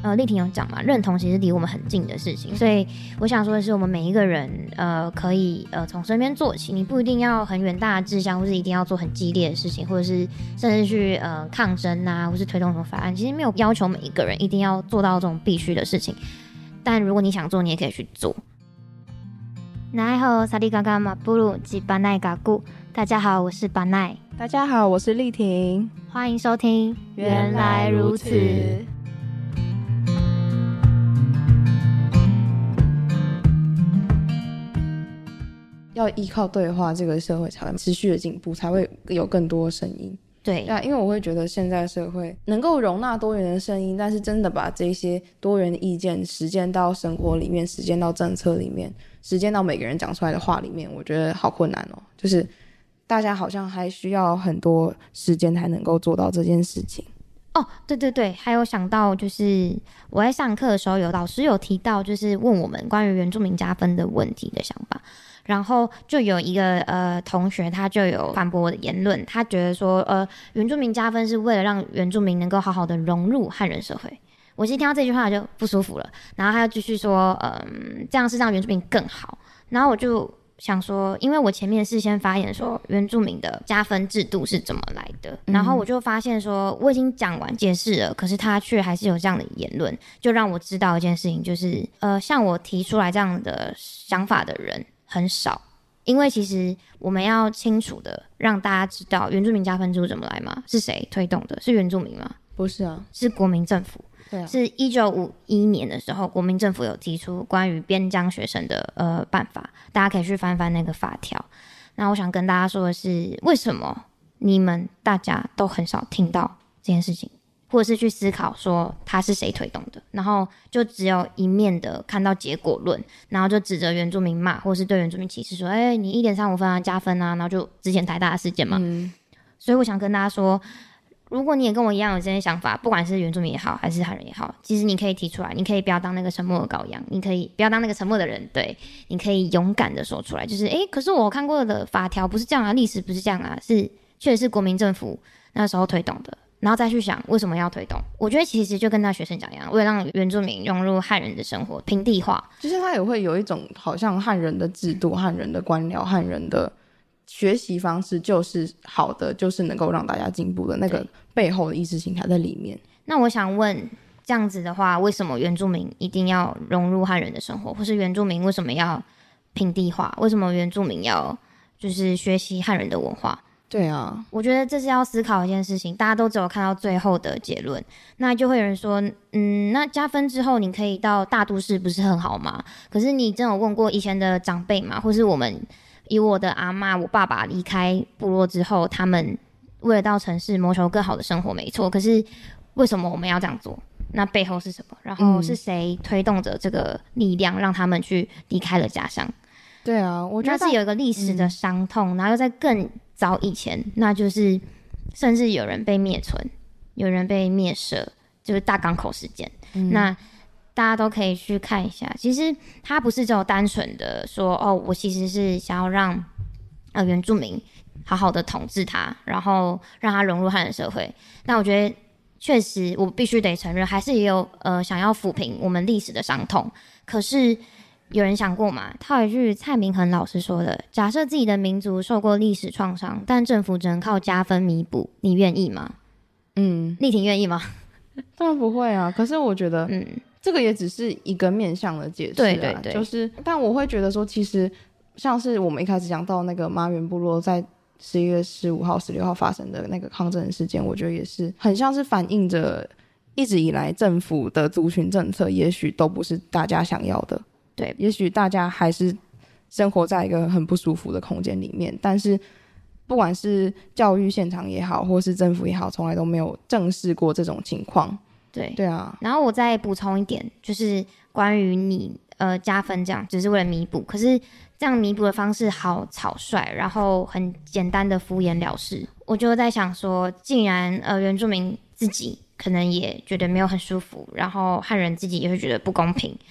呃，立庭有講嘛，認同其實離我們很近的事情，所以我想說的是，我們每一個人，呃，可以呃從身邊做起，你不一定要很遠大的志向，或是一定要做很激烈的事情，或者是甚至去呃抗爭啊，或是推動什麼法案，其實沒有要求每一個人一定要做到這種必須的事情，但如果你想做，你也可以去做。奈好薩利嘎嘎馬布魯吉巴奈嘎咕。大家好，我是巴奈，大家好，我是立庭，歡迎收聽，原來如此。要依靠對話，這個社會才會持續的進步，才會有更多聲音。對。啊，因為我會覺得現在社會能夠容納多元的聲音，但是真的把這些多元的意見實踐到生活裡面，實踐到政策裡面，實踐到每個人講出來的話裡面，我覺得好困難哦、喔。就是大家好像還需要很多時間才能夠做到這件事情。哦，對對對，還有想到就是我在上課的時候，有老師有提到，就是問我們關於原住民加分的問題的想法。然後就有一個呃同學，他就有反駁我的言論，他覺得說呃原住民加分是為了讓原住民能夠好好的融入漢人社會。我一聽到這句話就不舒服了。然後他就繼續說，嗯、呃，這樣是讓原住民更好。然後我就想說，因為我前面事先發言說原住民的加分制度是怎麼來的，然後我就發現說我已經講完解釋了，可是他卻還是有這樣的言論，就讓我知道一件事情，就是呃像我提出來這樣的想法的人。很少，因為其實我們要清楚的讓大家知道原住民加分制怎麼來嘛？是誰推動的？是原住民嗎？不是啊，是國民政府。對啊，是一九五一年的時候，國民政府有提出關於邊疆學生的呃辦法，大家可以去翻翻那個法條。那我想跟大家說的是，為什麼你們大家都很少聽到這件事情？或者是去思考說他是誰推動的，然後就只有一面的看到結果論，然後就指着原住民罵，或者是對原住民歧視說，說、欸、哎你一點三五分啊加分啊，然後就之前台大的事件嘛、嗯，所以我想跟大家說，如果你也跟我一樣有這些想法，不管是原住民也好，還是他人也好，其實你可以提出來，你可以不要當那個沉默的羔羊，你可以不要當那個沉默的人，對，你可以勇敢的說出來，就是哎、欸、可是我看過的法條不是這樣啊，歷史不是這樣啊，是確實是國民政府那時候推動的。然後再去想為什麼要推動？我覺得其實就跟那學生講一樣，為了讓原住民融入漢人的生活，平地化，就是他也會有一種好像漢人的制度、嗯、漢人的官僚、漢人的學習方式就是好的，就是能夠讓大家進步的那個背後的意識形態在裡面。那我想問，這樣子的話，為什麼原住民一定要融入漢人的生活？或是原住民為什麼要平地化？為什麼原住民要就是學習漢人的文化？對啊，我覺得這是要思考一件事情，大家都只有看到最後的結論，那就會有人說，嗯，那加分之後你可以到大都市，不是很好嗎？可是你真有問過以前的長輩嗎？或是我們以我的阿嬤、我爸爸離開部落之後，他們為了到城市謀求更好的生活，沒錯。可是為什麼我們要這樣做？那背後是什麼？然後是誰推動着這個力量，讓他們去離開了家鄉？嗯對啊，我覺得是有一個歷史的傷痛，嗯，然後又在更早以前，那就是甚至有人被滅村，有人被滅社，就是大港口事件、嗯。那大家都可以去看一下。其實他不是只有單純的說，哦，我其實是想要讓呃原住民好好的統治他，然後讓他融入漢人社會。但我覺得確實，我必須得承認，還是也有呃想要撫平我們歷史的傷痛。可是。有人想過嗎？套一句蔡明恆老師說的：“假設自己的民族受過歷史創傷，但政府只能靠加分彌補，你願意嗎？”嗯，立庭願意嗎？當 然不會啊！可是我覺得，嗯，這個也只是一個面向的解釋。啊，對對對，就是。但我會覺得說，其實像是我們一開始講到那個馬遠部落在十一月十五號、十六號發生的那個抗爭事件，我覺得也是很像是反映着一直以來政府的族群政策，也許都不是大家想要的。對，也許大家還是生活在一個很不舒服的空間裡面，但是不管是教育現場也好，或是政府也好，從來都沒有正視過這種情況。對，對啊。然後我再補充一點，就是關於你呃加分這樣，只是為了彌補，可是這樣彌補的方式好草率，然後很簡單的敷衍了事。我就在想說，既然呃原住民自己可能也覺得沒有很舒服，然後漢人自己也會覺得不公平。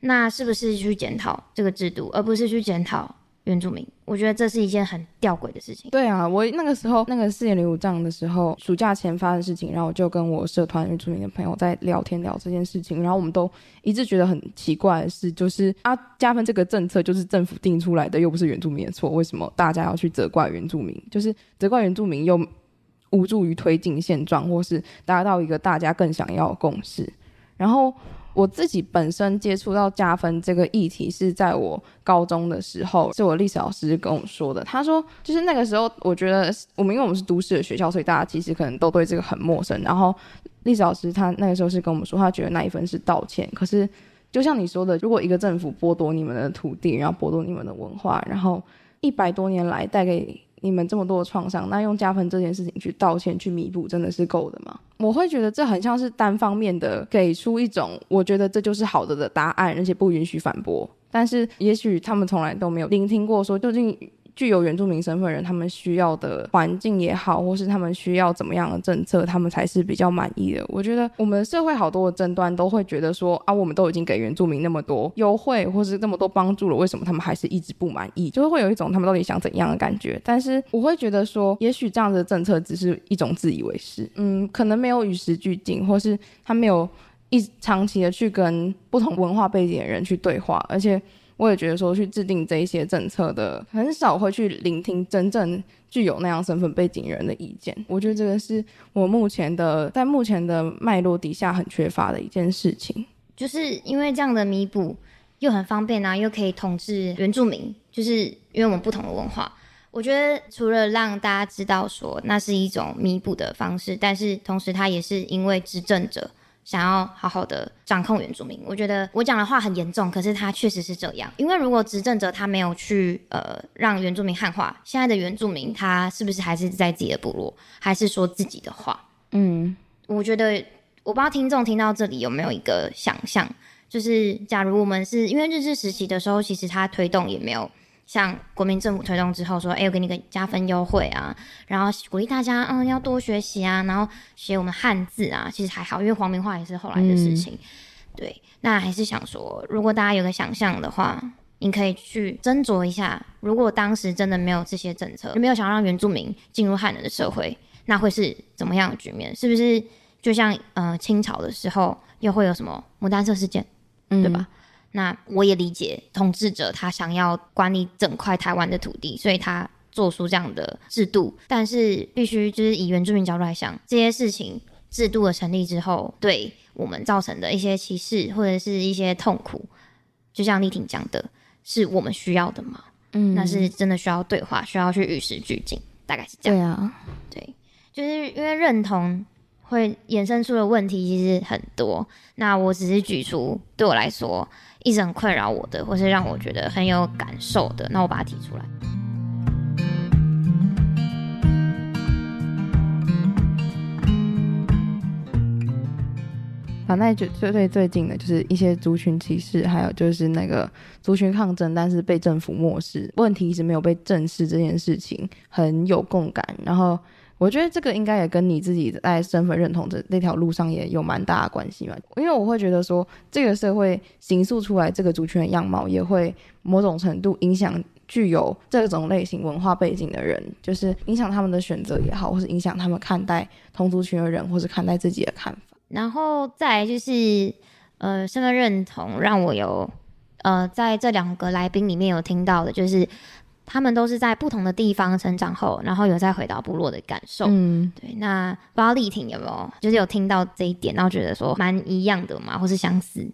那是不是去檢討這個制度，而不是去檢討原住民？我覺得這是一件很吊詭的事情。對啊，我那個時候那個四點零五帳的時候，暑假前發生的事情，然後我就跟我社團原住民的朋友在聊天聊這件事情，然後我們都一致覺得很奇怪的是，就是啊加分這個政策就是政府定出來的，又不是原住民的錯，為什麼大家要去責怪原住民？就是責怪原住民又無助於推進現狀，或是達到一個大家更想要的共識，然後。我自己本身接觸到加分這個議題是在我高中的時候，是我歷史老師跟我們說的。他說，就是那個時候，我覺得我們因為我們是都市的學校，所以大家其實可能都對這個很陌生。然後歷史老師他那個時候是跟我們說，他覺得那一分是道歉。可是就像你說的，如果一個政府剝奪你們的土地，然後剝奪你們的文化，然後一百多年來帶給。你們這麼多的創傷，那用加分這件事情去道歉、去彌補，真的是夠的嗎？我會覺得這很像是單方面的給出一種，我覺得這就是好的的答案，而且不允許反駁。但是也許他們從來都沒有聆聽過，說究竟。具有原住民身份的人，他們需要的環境也好，或是他們需要怎麼樣的政策，他們才是比較滿意的。我覺得我們社會好多的爭端都會覺得說啊，我們都已經給原住民那麼多優惠，或是那麼多幫助了，為什麼他們還是一直不滿意？就是會有一種他們到底想怎樣的感覺。但是我會覺得說，也許這樣的政策只是一種自以為是，嗯，可能沒有與時俱進，或是他沒有一長期的去跟不同文化背景的人去對話，而且。我也覺得說去制定這一些政策的，很少會去聆聽真正具有那樣身份背景人的意見。我覺得這個是我目前的，在目前的脈絡底下很缺乏的一件事情。就是因為這樣的彌補又很方便啊，又可以統治原住民，就是因為我們不同的文化。我覺得除了讓大家知道說那是一種彌補的方式，但是同時它也是因為執政者。想要好好的掌控原住民，我覺得我講的話很嚴重，可是他確實是這樣。因為如果執政者他沒有去呃讓原住民漢化，現在的原住民他是不是還是在自己的部落，還是說自己的話？嗯，我覺得我不知道聽眾聽到這裡有沒有一個想象，就是假如我們是因為日治時期的時候，其實他推動也沒有。像國民政府推動之後說，哎、欸，我給你個加分優惠啊，然後鼓勵大家，嗯，要多學習啊，然後寫我們漢字啊，其實還好，因為皇民化也是後來的事情、嗯。對，那還是想說，如果大家有個想象的話，你可以去斟酌一下，如果當時真的沒有這些政策，沒有想要讓原住民進入漢人的社會，那會是怎麼樣的局面？是不是就像呃清朝的時候，又會有什麼牡丹社事件、嗯，對吧？那我也理解，統治者他想要管理整塊台灣的土地，所以他做出這樣的制度。但是必須就是以原住民角度來想，這些事情制度的成立之後，對我們造成的一些歧視或者是一些痛苦，就像立庭講的，是我們需要的嗎？嗯，那是真的需要對話，需要去與時俱進，大概是這樣。對啊，對，就是因為認同會衍生出的問題其實很多。那我只是舉出對我來說。一直很困擾我的，或是讓我覺得很有感受的，那我把它提出來。啊，那就最最最近的，就是一些族群歧視，還有就是那個族群抗爭，但是被政府漠視，問題一直沒有被正視這件事情，很有共感。然後。我覺得這個應該也跟你自己在身份認同的那條路上也有蠻大的關係吧，因為我會覺得說，這個社會形塑出來這個族群的樣貌，也會某種程度影響具有這種類型文化背景的人，就是影響他們的選擇也好，或是影響他們看待同族群的人，或是看待自己的看法。然後再就是，呃，身份認同讓我有，呃，在這兩個來賓裡面有聽到的就是。他們都是在不同的地方成長後，然後有再回到部落的感受。嗯，對。那不知道立庭有沒有就是有聽到這一點，然後覺得說蠻一樣的嘛，或是相似？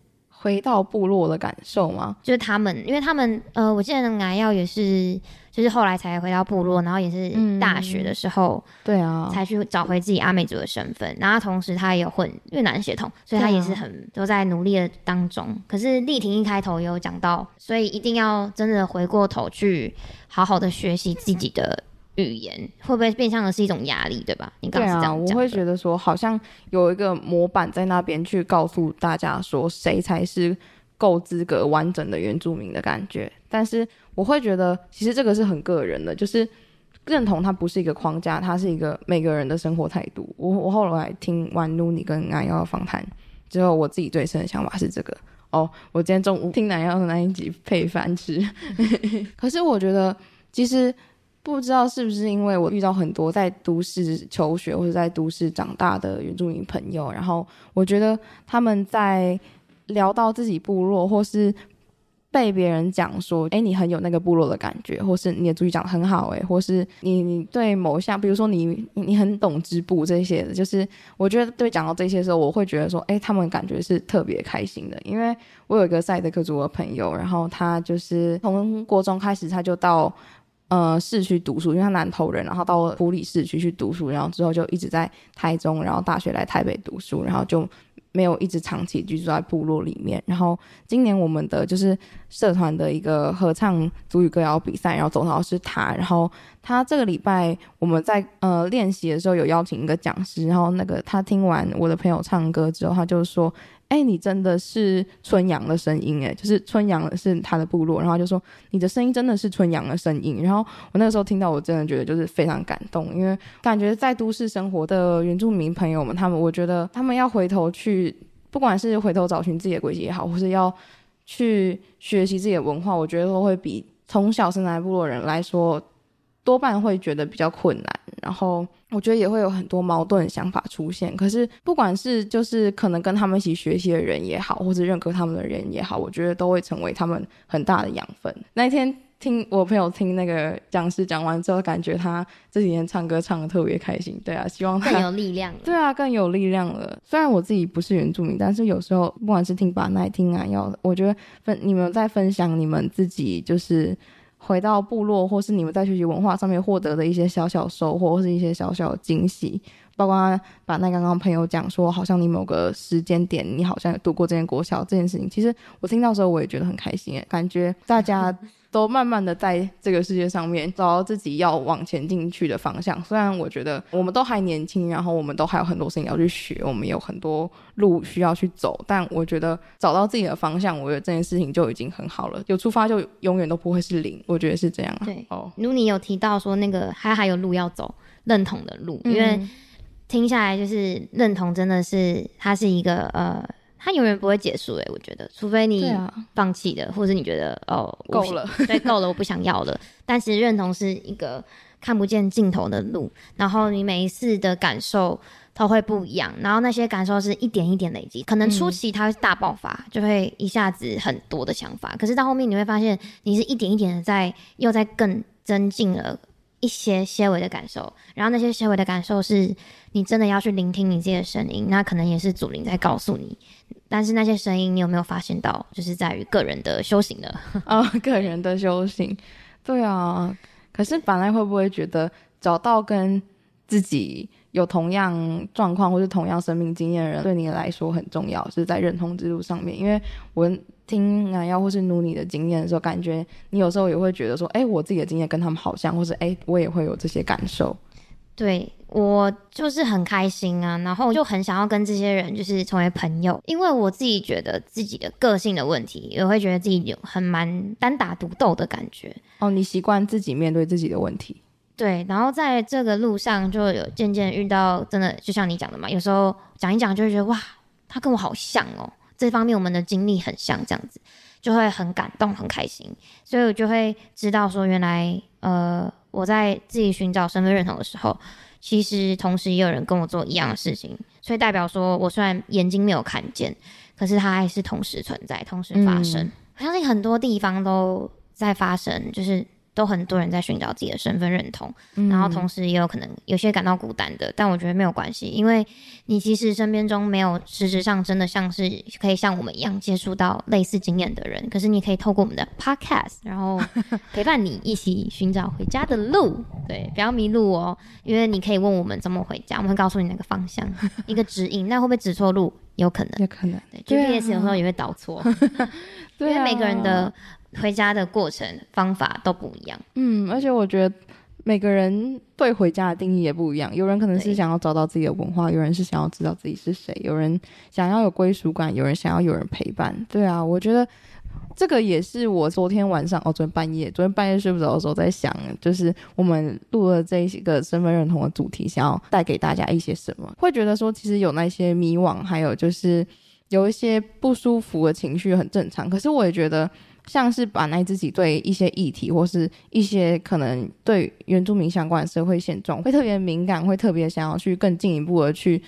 回到部落的感受嗎？就是他們，因為他們，呃，我記得那個 Panay 也是，就是後來才回到部落，然後也是大學的時候，嗯、對啊，才去找回自己阿美族的身份。然後同時他也有混越南血統，所以他也是很、啊、都在努力的當中。可是立庭一開頭也有講到，所以一定要真的回過頭去，好好的學習自己的、嗯。語言會不會變相的是一種壓力，對吧？你剛是這樣講。啊。我會覺得說，好像有一個模板在那邊去告訴大家說，誰才是夠資格完整的原住民的感覺。但是我會覺得，其實這個是很個人的，就是認同它不是一個框架，它是一個每個人的生活態度。我我後來聽完露你跟南幺的訪談之後，我自己最深的想法是這個。哦，我今天中午聽南幺的那一集配飯吃。 可是我覺得，其實。不知道是不是因為我遇到很多在都市求學或者在都市長大的原住民朋友，然後我覺得他們在聊到自己部落，或是被別人講說：“哎、欸，你很有那個部落的感覺，或是你的祖語講的很好，哎，或是你你對某一項，比如說你你很懂織布這些的。”就是我覺得對講到這些的時候，我會覺得說：“哎、欸，他們感覺是特別開心的。”因為我有一個賽德克族的朋友，然後他就是從國中開始他就到。呃，市區讀書，因為他南投人，然後到埔里市區去讀書，然後之後就一直在台中，然後大學來台北讀書，然後就沒有一直長期居住在部落裡面。然後今年我們的就是社團的一個合唱族語歌謠比賽，然後總到是他，然後他這個禮拜我們在呃練習的時候有邀請一個講師，然後那個他聽完我的朋友唱歌之後，他就說。哎、欸，你真的是春陽的聲音哎，就是春陽是他的部落，然後就說你的聲音真的是春陽的聲音，然後我那個時候聽到，我真的覺得就是非常感動，因為感覺在都市生活的原住民朋友們，他們我覺得他們要回頭去，不管是回頭找尋自己的軌跡也好，或是要去學習自己的文化，我覺得都會比從小生長在部落人來說。多半會覺得比較困難，然後我覺得也會有很多矛盾想法出現。可是不管是就是可能跟他們一起學習的人也好，或是認可他們的人也好，我覺得都會成為他們很大的養分。那天聽我朋友聽那個講師講完之後，感覺他這幾天唱歌唱得特別開心。對啊，希望他更有力量了。對啊，更有力量了。雖然我自己不是原住民，但是有時候不管是聽巴奈、聽阿耀，我覺得分你們在分享你們自己就是，回到部落，或是你們在學習文化上面獲得的一些小小收穫，或是一些小小的驚喜，包括把那剛剛朋友講說，好像你某個時間點，你好像有度過這間國小這件事情，其實我聽到的時候我也覺得很開心，感覺大家。 都慢慢的在這個世界上面找到自己要往前進去的方向。雖然我覺得我們都還年輕，然後我們都還有很多事情要去學，我們有很多路需要去走。但我覺得找到自己的方向，我覺得這件事情就已經很好了。有出發就永遠都不會是零，我覺得是這樣、啊。對哦，如你有提到說那個還還有路要走，認同的路、嗯，因為聽下來就是認同真的是它是一個呃。它永遠不會結束哎、欸，我覺得，除非你放棄的、啊，或者你覺得哦夠了，對，夠了，我不想要了。 但其實認同是一個看不見盡頭的路，然後你每一次的感受都會不一樣，然後那些感受是一點一點累積，可能初期它會大爆發、嗯，就會一下子很多的想法，可是到後面你會發現，你是一點一點的在又在更增進了一些些微的感受，然後那些些微的感受是你真的要去聆聽你自己的聲音，那可能也是祖靈在告訴你。但是那些聲音，你有沒有發現到，就是在於個人的修行呢？啊、 哦，個人的修行，對啊。可是本來會不會覺得找到跟自己有同樣狀況或是同樣生命經驗的人，對你來說很重要，是在認同之路上面？因為我聽南、啊、腰或是努你的經驗的時候，感覺你有時候也會覺得說，哎，我自己的經驗跟他們好像，或是哎，我也會有這些感受。對我就是很開心啊，然後我就很想要跟這些人就是成為朋友，因為我自己覺得自己的個性的問題，也會覺得自己有很蠻單打獨鬥的感覺。哦，你習慣自己面對自己的問題。對，然後在這個路上就有漸漸遇到，真的就像你講的嘛，有時候講一講就會覺得哇，他跟我好像哦，這方面我們的經歷很像，這樣子就會很感動很開心，所以我就會知道說原來呃。我在自己尋找身份認同的時候，其實同時也有人跟我做一樣的事情，所以代表說我雖然眼睛沒有看見，可是它還是同時存在，同時發生。嗯。我相信很多地方都在發生，就是。都很多人在尋找自己的身份認同，嗯，然後同時也有可能有些感到孤單的，但我覺得沒有關係，因為你其實身邊中沒有實質上真的像是可以像我們一樣接觸到類似經驗的人，可是你可以透過我們的 podcast，然後陪伴你一起尋找回家的路， 對，不要迷路哦，因為你可以問我們怎麼回家，我們會告訴你那個方向，一個指引，那會不會指錯路？有可能，有可能，GPS 有時候也會導錯， 啊，因為每個人的。回家的過程方法都不一樣，嗯，而且我覺得每個人對回家的定義也不一樣。有人可能是想要找到自己的文化，有人是想要知道自己是誰，有人想要有歸屬感，有人想要有人陪伴。對啊，我覺得這個也是我昨天晚上哦，昨天半夜，昨天半夜睡不着的時候在想，就是我們錄了這一個身份認同的主題，想要帶給大家一些什麼？會覺得說，其實有那些迷惘，還有就是有一些不舒服的情緒，很正常。可是我也覺得。像是把那自己對一些議題，或是一些可能對原住民相關的社會現狀，會特別敏感，會特別想要去更進一步的去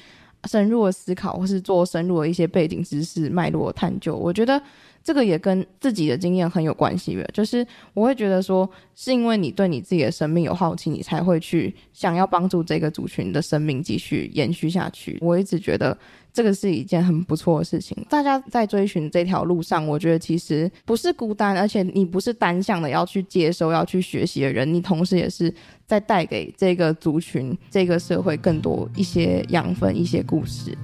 深入的思考，或是做深入的一些背景知識脈絡的探究。我覺得這個也跟自己的經驗很有關係的，就是我會覺得說，是因為你對你自己的生命有好奇，你才會去想要幫助這個族群的生命繼續延續下去。我一直覺得。這個是一件很不錯的事情。大家在追尋這條路上，我覺得其實不是孤單，而且你不是單向的要去接收、要去學習的人，你同時也是在帶給這個族群、這個社會更多一些養分、一些故事。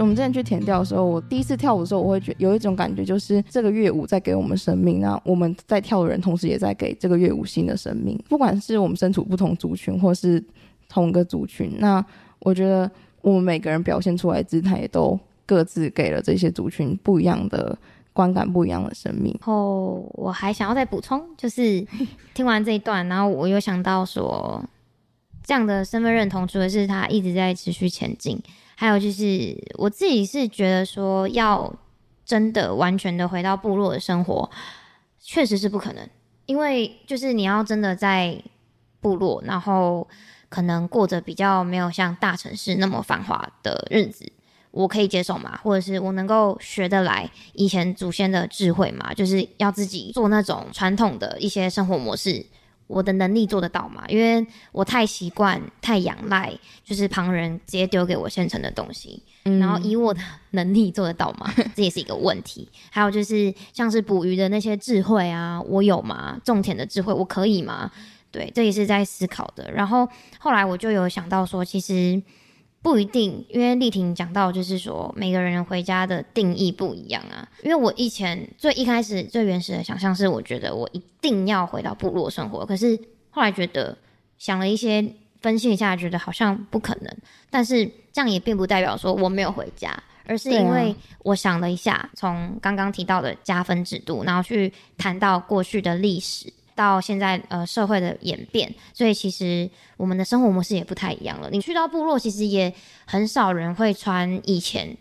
我們之前去田調的時候，我第一次跳舞的時候，我會覺有一種感覺，就是這個樂舞在給我們生命，那我們在跳的人同時也在給這個樂舞新的生命。不管是我們身處不同族群，或是同一個族群，那我覺得我們每個人表現出來的姿態，也都各自給了這些族群不一樣的觀感，不一樣的生命。後、oh, 我還想要再補充，就是聽完這一段， 然後我又想到說，這樣的身份認同，除非是他一直在持續前進。還有就是，我自己是覺得說，要真的完全的回到部落的生活，確實是不可能。因為就是你要真的在部落，然後可能過着比較沒有像大城市那麼繁華的日子，我可以接受嗎？或者是我能夠學得來以前祖先的智慧嗎？就是要自己做那種傳統的一些生活模式。我的能力做得到嗎？因為我太習慣、太仰賴，就是旁人直接丟給我現成的東西，嗯，然後以我的能力做得到嗎？這也是一個問題。 還有就是，像是捕魚的那些智慧啊，我有嗎？種田的智慧，我可以嗎？對，這也是在思考的。然後後來我就有想到說，其實。不一定，因為立庭講到就是說，每個人回家的定義不一樣啊。因為我以前最一開始最原始的想象是，我覺得我一定要回到部落生活。可是後來覺得想了一些分析一下，覺得好像不可能。但是這樣也並不代表說我沒有回家，而是因為我想了一下，從剛剛提到的加分制度，然後去談到過去的歷史。到現在，呃，社會的演變，所以其實我們的生活模式也不太一樣了。你去到部落，其實也很少人會穿以前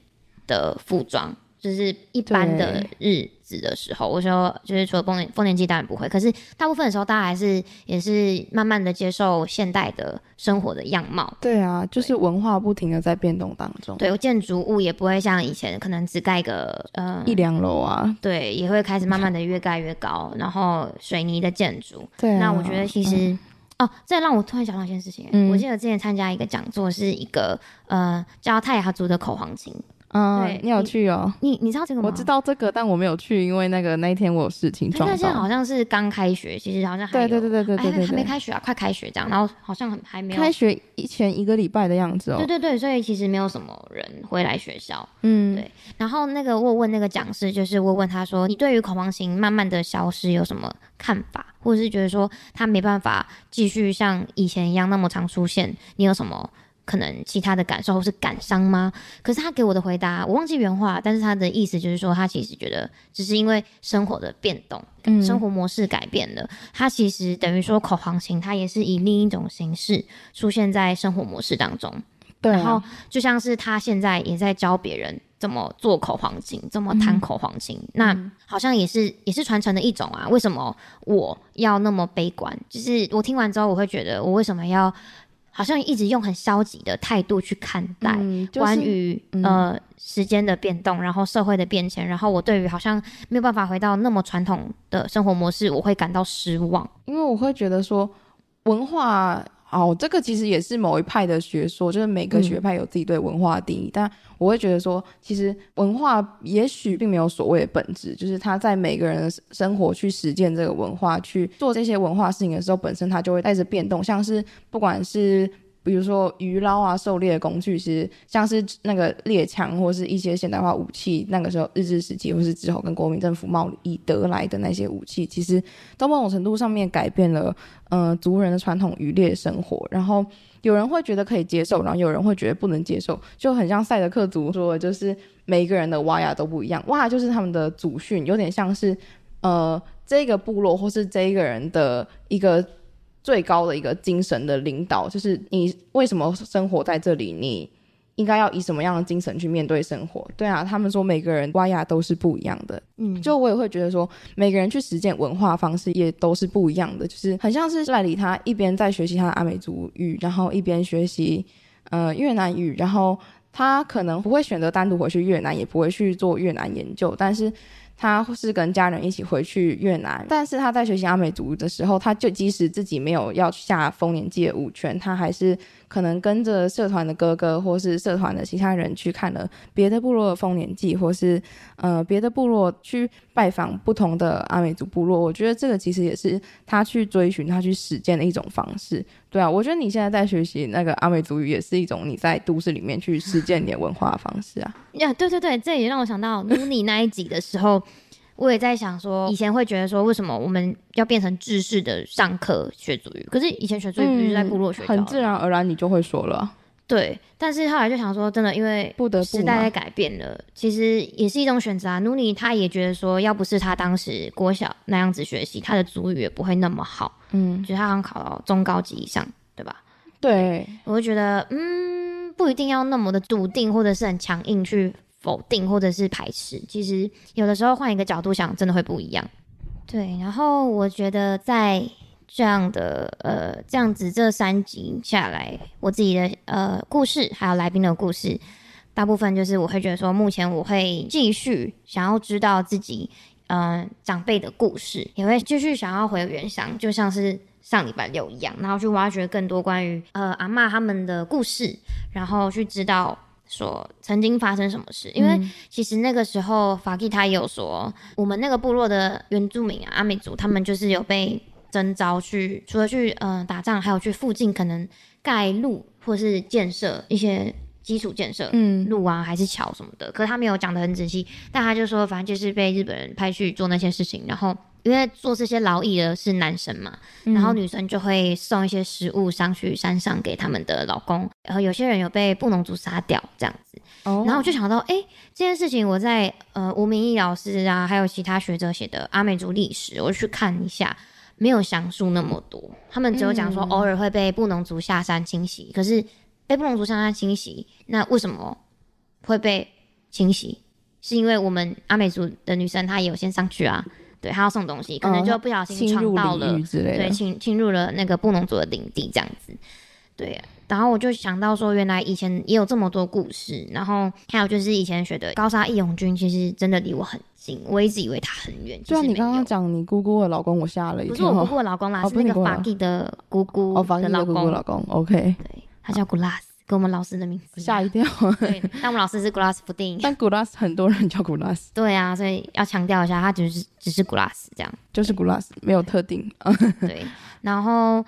的服裝。就是一般的日子的時候，我說就是除了豐年豐年祭當然不會，可是大部分的時候大家還是也是慢慢的接受現代的生活的樣貌。對啊，對就是文化不停的在變動當中。對，建築物也不會像以前可能只蓋個呃一兩樓啊，對，也會開始慢慢的越蓋越高， 然後水泥的建築。對、啊，那我覺得其實哦，這、嗯啊、讓我突然想到一件事情，嗯、我記得之前參加一個講座，是一個呃叫泰雅族的口簧琴。嗯，你有去哦？你你，你，你知道這個嗎？我知道這個，但我沒有去，因為那個那一天我有事情。對，現在好像是剛開學，其實好像還有對對對對對對對、對、哎、還沒開學啊，快開學這樣，嗯、然後好像很還沒有開學以前一個禮拜的樣子哦、喔。對對對，所以其實沒有什麼人回來學校。嗯，對。然後那個我問那個講師，就是我問他說，你對於恐慌型慢慢的消失有什麼看法，或者是覺得說他沒辦法繼續像以前一樣那麼常出現，你有什麼？可能其他的感受或是感傷嗎？可是他給我的回答，我忘記原話，但是他的意思就是說，他其實覺得只是因為生活的變動，生活模式改變了，嗯、他其實等於說口簧琴，他也是以另一種形式出現在生活模式當中。對、啊，然後就像是他現在也在教別人怎麼做口簧琴，怎麼彈口簧琴，嗯，那好像也是也是傳承的一種啊。為什麼我要那麼悲觀？就是我聽完之後，我會覺得我為什麼要？好像一直用很消極的態度去看待，嗯、就是、關於、嗯、呃時間的變動，然後社會的變遷，然後我對於好像沒有辦法回到那麼傳統的生活模式，我會感到失望，因為我會覺得說文化。哦，這個其實也是某一派的學說，就是每個學派有自己對文化的定義，嗯、但我會覺得說，其實文化也許並沒有所謂的本質，就是他在每個人的生活去實踐這個文化，去做這些文化事情的時候，本身它就會帶着變動，像是不管是。比如說魚撈啊，狩獵的工具是像是那個獵槍或是一些現代化武器，那個時候日治時期或是之後跟國民政府貿易得來的那些武器，其實到某種程度上面改變了嗯、呃、族人的傳統漁獵生活。然後有人會覺得可以接受，然後有人會覺得不能接受，就很像賽德克族說的，就是每一個人的哇呀都不一樣哇，就是他們的祖訓有點像是呃這個部落或是這一個人的一個。最高的一個精神的領導，就是你為什麼生活在這裡？你應該要以什麼樣的精神去面對生活？對啊，他們說每個人 Gaya 都是不一樣的，嗯，就我也會覺得說，每個人去實踐文化方式也都是不一樣的，就是很像是賴理他一邊在學習他的阿美族語，然後一邊學習呃越南語，然後他可能不會選擇單獨回去越南，也不會去做越南研究，但是。他是跟家人一起回去越南，但是他在學習阿美族的時候，他就即使自己沒有要下豐年祭的舞圈，他還是可能跟着社團的哥哥或是社團的其他人去看了別的部落的豐年祭，或是嗯、呃、別的部落去拜訪不同的阿美族部落。我覺得這個其實也是他去追尋、他去實踐的一種方式。對啊，我覺得你現在在學習那個阿美族語，也是一種你在都市裡面去實踐點文化的方式啊。呀 、yeah，對對對，這也讓我想到努尼那一集的時候， 我也在想說，以前會覺得說，為什麼我們要變成制式的上課學族語？可是以前學族語不是在部落學的？嗯，很自然而然你就會說了。對，但是後來就想說，真的，因為時代在改變了，不不，其實也是一種選擇啊。努尼他也覺得說，要不是他當時國小那樣子學習，他的族語也不會那麼好。嗯，就是他好像考到中高級以上，對吧？對，我會覺得，嗯，不一定要那麼的篤定或者是很強硬去否定或者是排斥，其實有的時候換一個角度想，真的會不一樣。對，然後我覺得在。這樣的呃，這樣子這三集下來，我自己的呃故事，還有來賓的故事，大部分就是我會覺得說，目前我會繼續想要知道自己，嗯、呃，長輩的故事，也會繼續想要回原鄉，就像是上禮拜六一樣，然後去挖掘更多關於呃阿嬤他們的故事，然後去知道說曾經發生什麼事，嗯、因為其實那個時候法蒂他也有說，我們那個部落的原住民啊，阿美族，他們就是有被。徵召去，除了去嗯、呃、打仗，還有去附近可能蓋路或是建設一些基礎建設，嗯，路啊還是橋什麼的。嗯、可是他沒有講得很仔細，但他就說反正就是被日本人派去做那些事情。然後因為做這些勞役的是男生嘛、嗯，然後女生就會送一些食物上去山上給他們的老公。然後有些人有被布農族殺掉這樣子。哦，然後我就想到，哎、欸，這件事情我在呃吳明義老師啊，還有其他學者寫的阿美族歷史，我去看一下。沒有詳述那麼多，他們只有講說偶爾會被布農族下山清洗。嗯、可是被布農族下山清洗，那為什麼會被清洗？是因為我們阿美族的女生她也有先上去啊，對，她要送東西，可能就不小心闖到了、哦，對，侵侵入了那個布農族的領地這樣子。對、啊，然後我就想到說，原來以前也有這麼多故事，然後還有就是以前學的高砂義勇軍，其實真的離我很近。我一直以為他很遠。雖然、啊、你剛剛講你姑姑的老公，我嚇了一跳。不是我姑姑的老公啦，哦、是那個法蒂的姑姑法的老公。哦、的姑姑的老公、哦、的姑姑的老公，OK，對，他叫 Glass，、啊、跟我們老師的名字、啊。我嚇一跳 對。但我們老師是 Glass 不定。但 Glass 很多人叫 Glass。對啊，所以要強調一下，他、就是、只是只是 Glass 這樣。就是 Glass，沒有特定。 對，然後。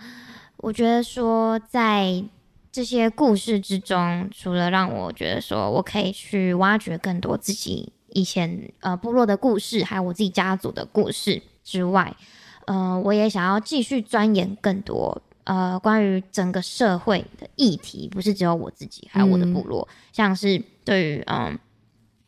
我覺得說，在這些故事之中，除了讓我覺得說我可以去挖掘更多自己以前呃部落的故事，還有我自己家族的故事之外，呃，我也想要繼續鑽研更多呃關於整個社會的議題，不是只有我自己，還有我的部落，嗯、像是對於嗯、呃、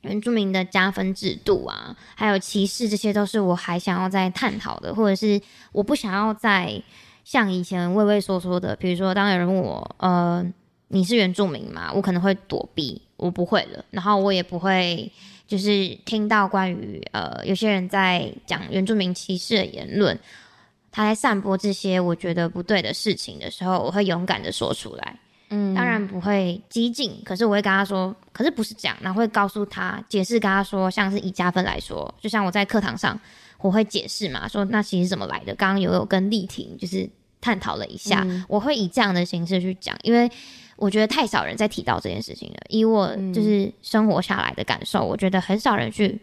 原住民的加分制度啊，還有歧視，這些都是我還想要再探討的，或者是我不想要再。像以前畏畏縮縮的，比如說，當有人問我，呃，你是原住民嗎？我可能會躲避，我不會了。然後我也不會，就是聽到關於呃，有些人在講原住民歧視的言論，他在散播這些我覺得不對的事情的時候，我會勇敢的說出來。嗯，當然不會激進，可是我會跟他說，可是不是這樣，然後會告訴他解釋，跟他說，像是以加分來說，就像我在課堂上我會解釋嘛，說那其實怎麼來的。剛剛有有跟立庭就是。探討了一下，嗯，我會以這樣的形式去講，因為我覺得太少人在提到這件事情了。以我就是生活下來的感受，嗯，我覺得很少人去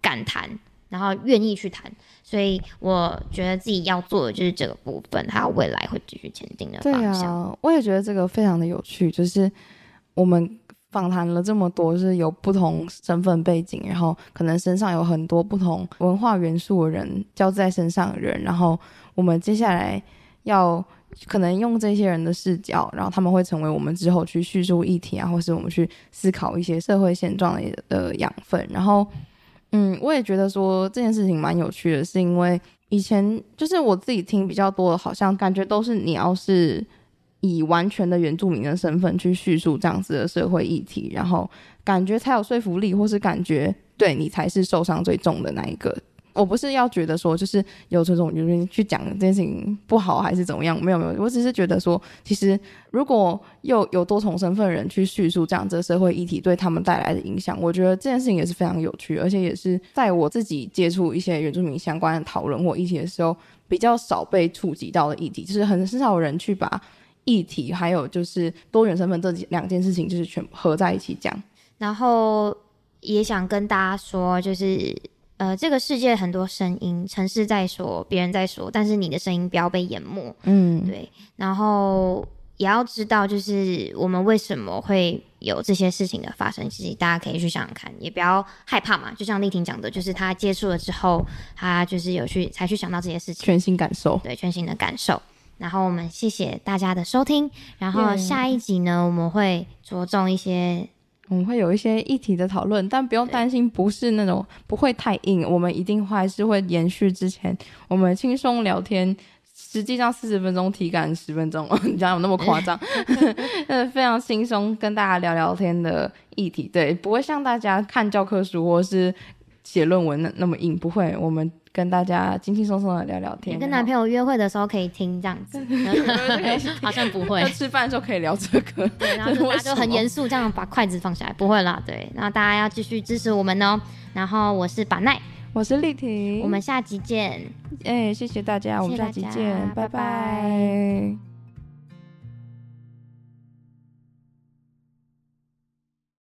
敢談，然後願意去談，所以我覺得自己要做的就是這個部分，還有未來會繼續前進的方向。對啊，我也覺得這個非常的有趣，就是我們訪談了這麼多，是有不同身份背景，然後可能身上有很多不同文化元素的人交織在身上的人，然後我們接下來。要可能用這些人的視角，然後他們會成為我們之後去敘述議題啊，或是我們去思考一些社會現狀的的，呃，養分。然後，嗯，我也覺得說這件事情蠻有趣的，是因為以前就是我自己聽比較多的，好像感覺都是你要是以完全的原住民的身份去敘述這樣子的社會議題，然後感覺才有說服力，或是感覺對你才是受傷最重的那一個。我不是要覺得說，就是有這種原因去講這件事情不好還是怎麼樣？沒有沒有，我只是覺得說，其實如果有有多重身份人去敘述這樣這個社會議題對他們帶來的影響，我覺得這件事情也是非常有趣，而且也是在我自己接觸一些原住民相關的討論或議題的時候，比較少被觸及到的議題，就是很少有人去把議題還有就是多元身份這幾兩件事情就是全部合在一起講。然後也想跟大家說，就是。呃，這個世界很多聲音，城市在說，別人在說，但是你的聲音不要被淹沒。嗯，對。然後也要知道，就是我們為什麼會有這些事情的發生，其實大家可以去想想看，也不要害怕嘛。就像立庭講的，就是她接觸了之後，她就是有去才去想到這些事情，全新感受，對，全新的感受。然後我們謝謝大家的收聽，然後下一集呢，嗯、我們會着重一些。我、嗯、們會有一些議題的討論，但不用擔心，不是那種不會太硬。嗯、我們一定還是會延續之前我們輕鬆聊天，實際上四十分鐘體感十分鐘，呵呵你講有那麼誇張？ 嗯，非常輕鬆跟大家聊聊天的議題，對，不會像大家看教科書或是寫論文那那麼硬，不會。我們。跟大家輕輕鬆鬆的聊聊天，跟男朋友約會的時候可以聽這樣子， 好像不會。 吃飯的時候可以聊這個，對，然後大家就很嚴肅，這樣把筷子放下來， 不會啦。對，那大家要繼續支持我們哦、喔。然後我是 Panay，我是立庭，我們下集見。哎、欸，謝謝大家，我們下集見，謝謝拜拜。拜拜